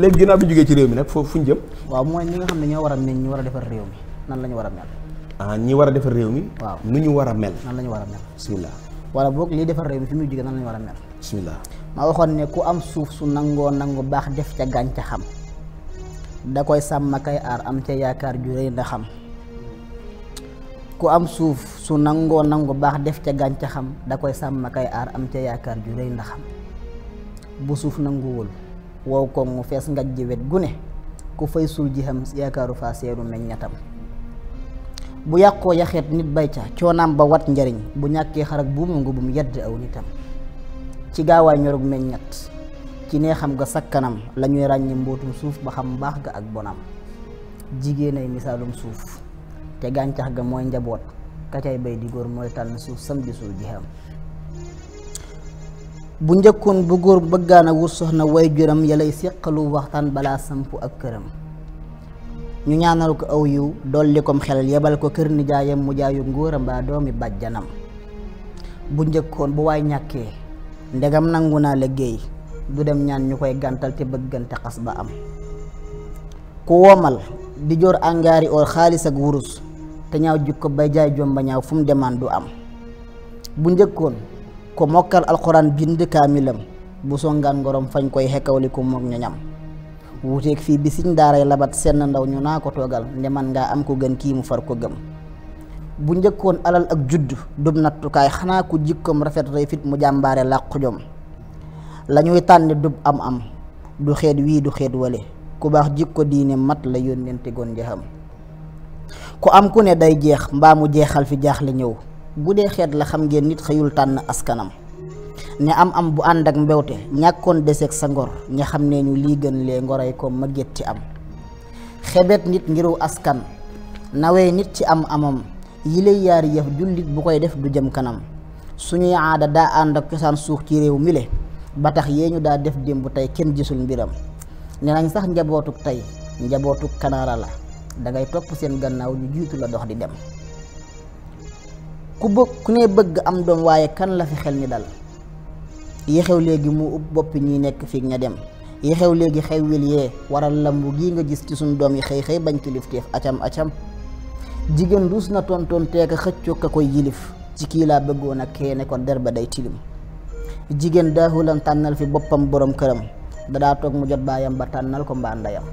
léegi ginnaaw bi jógee ci réew mi nag foofu fu ñu jëm. waaw mooy ñi nga xam ne ñoo war a meñ ñi war a defar réew mi nan la ñu war a mel. ah ñi war a defar réew mi. waaw nu ñu war a mel. nan la ñu war a mel. bisimilah. wala boog liy defar réew fi muy jógee ñu war a mel. bisimilah. ma waxoon ne ku am suuf su nangoo nangu baax def ca gàncaxam da koy sàmm kay aar am ca yaakaar ju rëy nda xam ku am suuf su nangoo nangu baax def ca gàncaxam da koy sàmma kay aar am ca yaakaar ju rëy nda bu suuf nanguwul. waw koŋ mu fees ngaj ji wet gu ne ku fay suul ji xam yaakaaru faa seeru meññatam bu yàqoo yaxeet nit bay ca coonaam ba wat njariñ bu ñàkkee xarak bu mu ngu bu yedd aw nitam ci gaawaay ñorug meññat ci ne xam nga sakkanam la ñuy ràññi mbootum suuf ba xam baax ga ak bonam jigéen ay misaalum suuf te gàncax ga mooy njaboot ka bay di góor mooy tànn suuf sam di suul ji xam bu njëkkoon bu góor bëggaana a wut soxna way juram ya lay waxtaan balaa samp ak këram ñu ñaanal ko aw yiw dolli kom xel yebal ko kër nijaayam mu jaayu ngóoram mbaa doomi bàjjanam bu njëkkoon bu waaye ñàkkee ndegam nangu naa liggéey du dem ñaan ñu koy gàntal te bëggante xas ba am ku womal di joor angaari or xaalis ak wurus te ñaaw jikko bay jaay jomba ñaw fu mu demaan du am bu njëkkoon ko mokkal alxuraan bind kaamilam bu songaan gorom fañ koy xekkawli ku moog ñoñam wuuteeg fii bi siñ daaray labat seen ndaw ñu naa ko toogal nde man ngaa am ko gën kii mu far ko gëm bu njëkkoon alal ak judd dub nattukaay xanaa ku jikkoom rafet rey fit mu jàmbaare làqu jom la ñuy tànni dub am am du xeet wii du xeet wale ku baax jikko diine mat la yónnente goon njaxam ku am ku ne day jeex mbaa mu jeexal fi jaaxle ñëw bu dee xeet la xam ngeen nit xëyul tànn askanam ne am am bu ànd ak mbewte ñàkkoon deseeg sa ngor ña xam ne ñu lii gën lee ngoray ko ma gétti am xebet nit ngiru askan nawee nit ci am amam yile yaari yëf jullit bu koy def du jëm kanam suñuy aada daa ànd ak cosaan suux ci réew mile ba tax yee ñu daa def démb tey kenn gisul mbiram ne sax njabootuk tey njabootuk kanaara la da ngay topp seen gannaaw ñu jiitu la dox di dem ku bëgg ku ne bëgg am doom waaye kan la fi xel ni dal yi xew léegi mu ub boppi ñuy nekk fii ña dem yi xew léegi xew wil yee waral lambu gii nga gis ci suñu doom yi xëy xëy bañ kilifteef acam acam jigéen ruus na tontoon teeka xëccoo a koy yilif ci kii laa bëggoon a kee ne ko der ba day tilim jigéen daaxulan tànnal fi boppam borom këram dadaa toog mu jot baayam ba tànnal ko mbaa ndeyam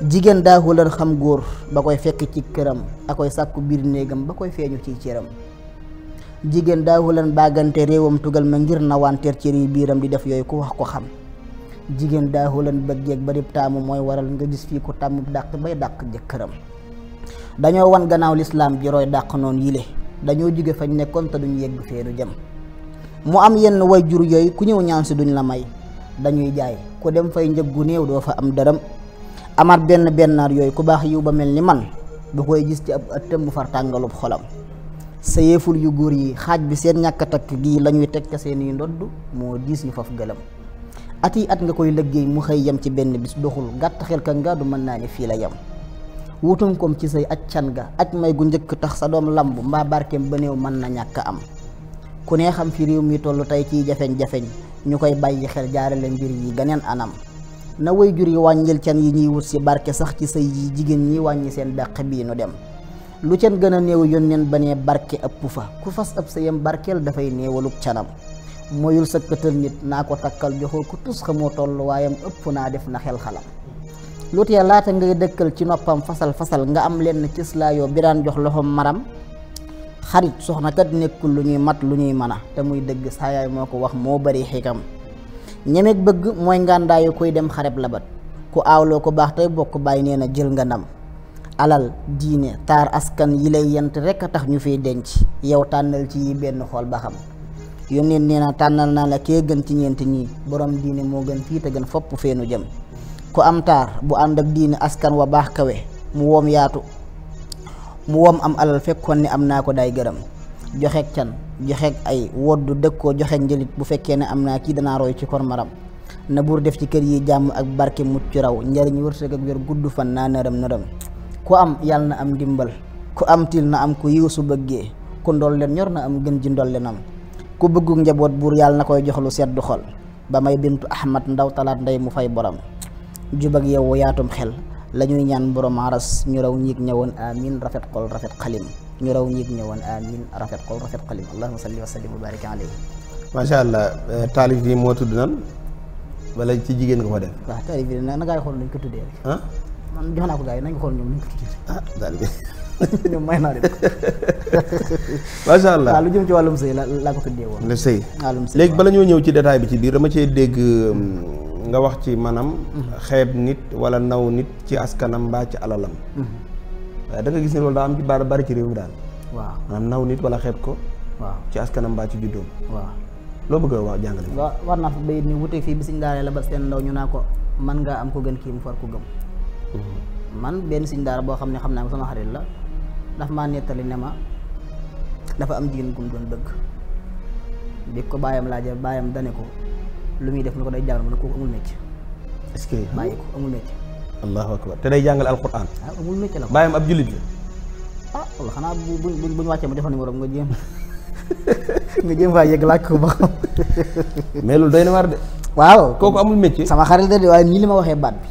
jigéen daa xam góor ba koy fekk ci këram a koy sàkku biir néegam ba koy feeñu ci cëram jigéen daa xulan baagante réewam tugal ma ngir nawanteer cër yi biiram di def yooyu ku wax ko xam jigéen daa xulan bëggeeg ba di taamu mooy waral nga gis fii ku tàmm dàq bay dàq jëkkëram dañoo wan gannaaw lislaam ji roy dàq noonu yile dañoo jóge fañ nekkoon te duñ yegg feenu jëm mu am yenn way jur yooyu ku ñëw ñaan si duñ la may dañuy jaay ku dem fay njëg gu néew doo fa am dërëm amaat benn bennaar yooyu ku baax yiw ba mel ni man du koy gis ci ab ëttam bu far tàngalub xolam sa yéeful yu góor yi xaaj bi seen ñàkk takk gii lañuy ñuy teg ca seeni ndodd moo diis yu faf gëlëm at yi at nga koy liggéey mu xëy yem ci benn bis doxul gàtt xel ka nga mën naa ne fii la yem wutum koom ci say aj can ga aj may gu njëkk tax sa doom lamb mbaa barkeem ba néew mën na ñàkk am ku ne xam fi réew mi toll tey ciy jafeñ jafeñ ñu koy bàyyi xel jaarale mbir yi ganeen anam na way jur yi wàññil can yi ñuy wut si barke sax ci say jigéen ñi wàññi seen dàq bii nu dem lu can gën a néew yónneen ba ne barke ëpp fa ku fas sa sëyam barkeel dafay néewalug canam moyul sëkkatal nit naa ko takkal joxoo ko tus xamoo toll waayam ëpp naa def na xel xalam lu tee laata ngay dëkkal ci noppam fasal fasal nga am lenn cës laa yoo bi daan jox loxoom maram xarit soxna kat nekkul lu ñuy mat lu ñuy mën a te muy dëgg saayaay moo ko wax moo bari xikam ñemeeg bëgg mooy ngàndaayu koy dem xareb labat ku aawloo ko baax tey bokk bàyyi nee na jël nga ndam alal diine taar askan yi lay yent rek a tax ñu fiy denc yow tànnal ci yi benn xool ba xam yónneen nee na tànnal naa la kee gën ci ñeenti nii borom diine moo gën fii te gën fopp feenu jëm ku am taar bu ànd ak diine askan wa baax kawe mu woom yaatu mu woom am alal fekkoon ni am naa ko day gërëm joxe can joxeeg ay woddu dëkkoo joxe njëlit bu fekkee ne am naa kii danaa roy ci kor maram na buur def ci kër yi jàmm ak barke mucc raw njariñ wërsëg ak wér gudd fan naa nërëm nërëm ku am yal na am ndimbal ku am til na am ku yiw su bëggee ku ndol leen ñor na am gën ji ndol leenam ku bëggu njaboot buur yàlla na koy jox lu seddu xol ba may bintu ahmad ndaw talaat ndey mu fay borom jub ak yow yaatum xel la ñaan borom aras ñu raw ñiig ñëwoon amin rafet xol rafet xalim ñu raw ñiig ñëwoon amin rafet xol rafet xalim allahuma salli wa sallim wa barik alayhi macha allah eh, taalif bi moo tudd nan wala ci jigéen nga ko def waaw taalif bi na ngaa xool nañ ko tuddee rek ah man jox naa ko gars yi nañu xool ñoom nañ ko tuddee ah daal bi ñoom may naa leen macha allah waaw lu jëm ci wàllum sëy la laa ko tuddee woon le sëy wàllum sëy léegi bala ñoo ñëw ci détail bi ci biir dama cee dégg mm, nga wax ci maanaam mm-hmm. xeeb nit wala naw nit ci askanam mbaa ci alalam mm-hmm. waaye da nga gis ne loolu daa am ci bar bari ci réew mi daal. waaw maanaam naw nit wala xeeb ko. waaw ci askanam mbaa ci juddoom. waaw loo bëgg wax jàngale. waaw war naa fa bayit ni wuteeg fii bisiñ daara la ba seen ndaw ñu naa ko man ngaa am ko gën kii mu far ko gëm. Mm-hmm. man benn siñ daara boo xam ne xam naa ko sama xarit la dafa ma nettali ne ma dafa am jigéen gum doon bëgg bi ko bàyyam laajee baayam dane ko lu muy def ni ko day jàngal mu kooku amul métier. est-ce que ko amul métier. allahu akbar te day jàngale alquran. ah amul métier la ko ab jullit la. ah loolu xanaa bu bu bu bu wàccee ma defal numéro nga jéem nga jéem faa yegg laaj ko ba xam. mais loolu doy na waar de. waaw kooku amul métier. sama xarit la de waaye nii li ma waxee baat bi.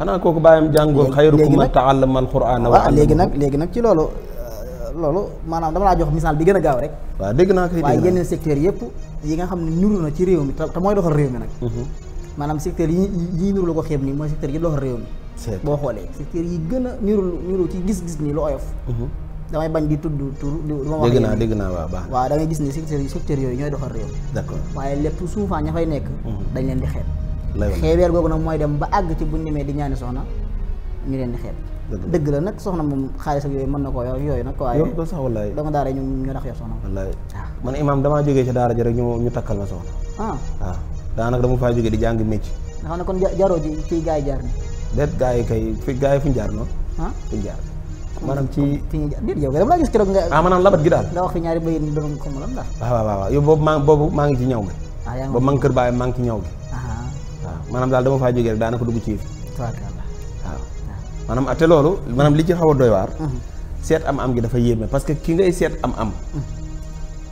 xanaa kooku bàyyam jàngoon xayrukum man taallama alquraan waaw léegi nag léegi nag ci loolu. Euh, loolu maanaam dama laa jox misaal bi gën a gaaw rek. waa dégg naa ko waaye yeneen secteur yëpp yi nga xam ne ñuru na ci réew mi te mooy doxal réew mi nag. Mhm. maanaam secteur yi yi niru lu ko xeeb nii mooy secteur yi loxo réew mi boo xoolee secteur yi gën a niru niru ci gis-gis nii lu oyof mhm. damay bañ di tudd tur du ma wax dégg naa dégg naa baax waaw da ngay gis ni secteur secteur yooyu ñooy doxal réew d'accord waaye lépp souvent ña fay nekk mhm. dañ leen di xeeb mooy dem ba àgg ci buñ demee di ñaani soxna ñu leen di xeeb dëgg la nag soxna moom xaalis yooyu mën na koo yooyu nag waaye yow sax wallaay danga daara ñu ñu tax yor soxna wallaay ah. man imaam damaa jógee ci daara ji ñu takkal ma soxna ah, ah. daanaka dama faa jógee di jàng mécc nga xam ne kon jaroo ji fii gaa yi jaar na déet gaa yi kay fi gaa yi fu ñu jaar noonu ah fu ñu ci fi ñu jaar déet yow dama laa gis keroog nga ah maanaam labat gi daal nga wax fi ci ñaw ah, gi boobu maa kër baay maa ngi ñaw gi waaw maanaam daal dama faa jógee rek daanaka dugg ci yëf waaw maanaam ate ah, loolu maanaam li ci xaw a doy waar mm-hmm. seet am am gi dafa yéeme parce que ki ngay seet am am mm-hmm.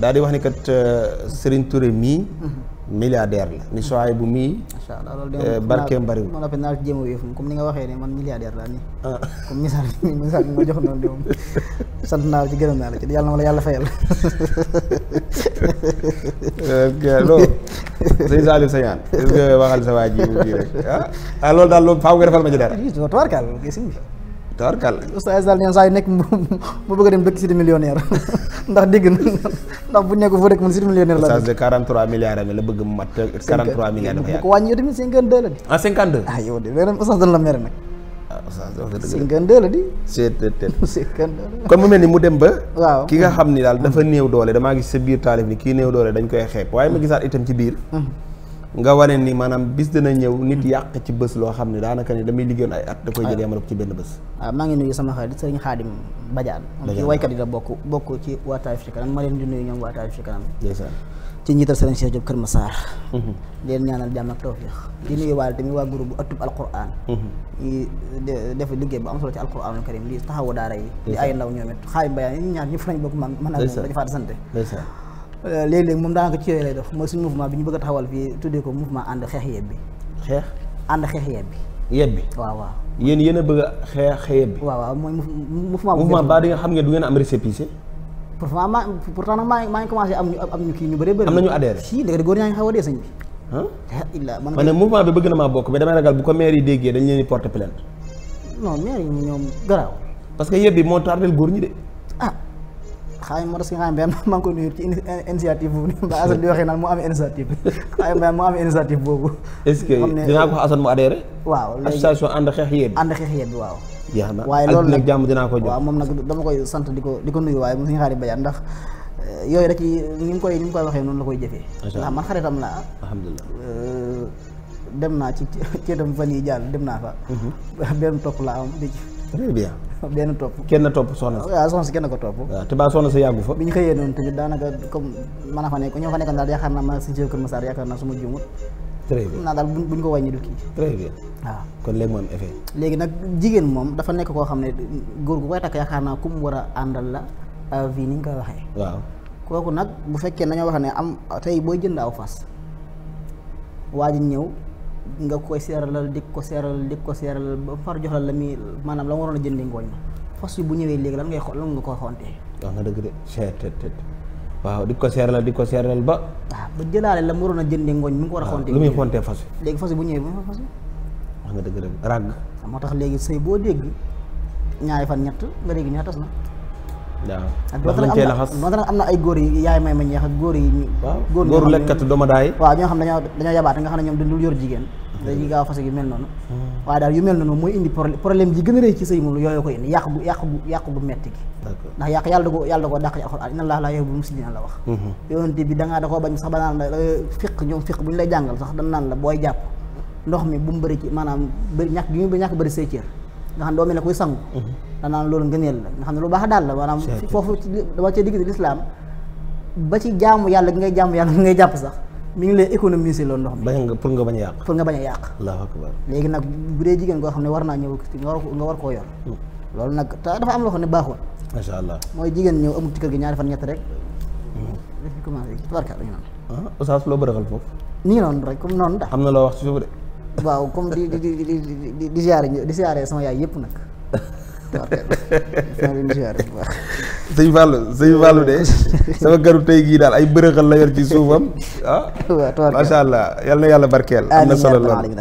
daal di wax ni kat euh, Serigne Touré mii. Mhm. milliardaire la ni soxaay bu mii. macha allah loolu de euh, barkeem bariwul. moo la fa naa jéem a wéef comme ni nga waxee ne man milliardaire laa nii. Ah. comme misaal bi misaal bi ma jox noonu de moom sant naa la ci gërëm naa la ci yàlla ma la yàlla fayal. loolu sëñ Saliou Sagnane est-ce que waxal waa ji kii rek ah, ah loolu daal loolu faaw nga defal ma ci dara. Ah, tubaarkaal gis nga. tubaarkaal. oustaz daal neen saa yu nekk mu bëgg a dem dëkk si di millionnaire. ndax dégg na ndax bu nekk foo rek man six millionnaire la. bëgg mu mat 43 milliards dafa yàgg. bu ko wàññi yow tamit 52 ah, ah, ah, la di. ah 52. ah la di. kon mu mel ni mu dem ba. waaw ki nga xam ni daal dafa mm. néew doole damaa gis sa biir taalif ni kii néew doole dañ koy xeeb waaye ma mm. gisaat itam ci biir. Mm. nga wane ni maanaam bis dina ñëw nit yàq ci bés loo xam ne daanaka ne damay liggéeyoon ay at da koy jël ah. yamara ko ci benn bés waaw ah, maa ngi nuyu sama xarit sëriñ Xaadim Badiane yi bokk bokk ci waa ma leen di nuyu ñoom waa Taif ci kanam ci njiital sëriñ Cheikh Diop Kër Massar mhm. leen ñaanal jàmm ak tawfiq di nuyu tamit waa groupe bu ëttub alquran ñi mhm. def liggéey bu am solo ci alquranul karim di taxawu daara yi di ay ndaw ñoom it Xaadim Badiane ñaar ñëpp lañ bokk man man ak moom dañu faa sante Euh, léeg-léeg moom daanaka ci yooyu lay def mooy suñu mouvement bi ñu bëgg a taxawal fii tuddee ko mouvement ànd xeex yebbi. xeex ànd xeex yebbi. yebbi waaw waaw. yéen yéen a bëgg a xeex yebbi. waaw waaw mooy ba di nga xam ngeen du ngeen am na ñu adhéré si léegi góor ñaa a dee sëñ bi. ah man ne mouvement bi bëgg na maa bokk mais damay ragal góor ñi de xaay moo tax si xaay mbay maa ngi koy nuyu ci eh, initiative boobu waxee naan mu am initiative xaay mbay mu boobu. est-ce que dinaa ko wax Assane mu adhéré. waaw léegi association ànd xeex yéen. ànd xeex waaw. jeex na waaye loolu nag jàmm dinaa ko jox waaw moom nag dama koy sant di ko di ko nuyu waaye mu suñu xaari bayaat ndax eh, yooyu rek yi ni mu koy ni mu koy waxee noonu la koy jëfee. ndax man xaritam laa. alhamdulilah. Eh, dem naa ci ci itam fan yii jàll dem naa fa. Mhm. benn topp laa am di ci. bi bien. benn topp kenn topp soxna si. Ah, waaw soxna si kenn ko topp. waaw te baa soxna si yàggu fa. bi ñu xëyee noonu tamit daanaka comme man a fa nekk ñoo fa nekkoon daal naa ma si jël Kër Massar yaakaar naa su ma juumut. très bien naa ko wàññi du kii. très ah. kon léegi moom effet. léegi nag jigéen moom dafa nekk koo xam ne góor gu koy takk yaakaar naa ku mu war a àndal la vie euh, ni ñu koy waxee. waaw kooku nag bu fekkee dañoo wax ne am tey booy jënd aw fas waa ji ñëw nga koy seeralal dik ko seeralal dik ko seeralal ba far jox la la muy maanaam la nga waroon a jëndi ngooñ fas yi bu ñëwee léegi lan ngay xool lan nga koy xontee wax na dëgg waaw di ko seeralal di ko seeralal ba waaw ah, ba jëlaale la mu waroon a jëndee ngooñ mi ngi ko war a ah, xontee lu muy xontee fas yi léegi fas yi bu ñëwee bu fas yi wax nga dëgg de ràgg moo tax léegi sëy boo dégg ñaari fan ñett nga dégg ñaa tas na waaw donte nag am na ay góor yi yaay may ma ñeex ak góor yi góor góoru lekkat doma waaw ñoo xam dañoo dañoo yabaate nga xam ne ñoom dañu dul yor jigéen mm-hmm. mm-hmm. a rëy ci sëy moom yooyu ko indi yàq gu yàq gu yàq gu metti gi ndax yàq yàlla da ko yàlla da koo dàq ci alxuraan inna allaha laa yuhibbul la wax mm-hmm. yonente bi da ngaa da koo bañ sax ba naan la euh, fiq ñoom sax da naan la booy jàpp ndox mi bu mu bëri ci maanaam bëri ñàkk gi ñu ñàkk bëri say cër nga xam ne doo mel ne kuy sangu mhm. danaan loolu ngëneel la nga xam ne lu baax daal la maanaam foofu dama cee diggante lislaam ba ci jaamu yàlla gi ngay jaamu yàlla ngay jàpp sax mi ngi lay économiser loolu ndox bañ nga pour nga bañ nga bañ yàq. allahu akbar léegi nag bu dee koo xam ne war naa ñëw nga war koo yor. Mhm. loolu nag dafa am loo xam ne baaxul. macha allah mooy jigéen ñëw amul ci kër gi ñaari fan ñett rek. daf mhm. fi commencé tubarkaat la ñu naan. Ah, loo bërëxal foofu. nii noonu rek comme noonu ndax. am na loo wax ci suuf de. waaw comme di di di di di ziare di ziare sama yaay yëpp nag. sëñ Fallou sëñ Fallou de sama garu tey gii daal ay bërëxal la yor ci suufam ah. allah yal na yàlla barkeel. am na solo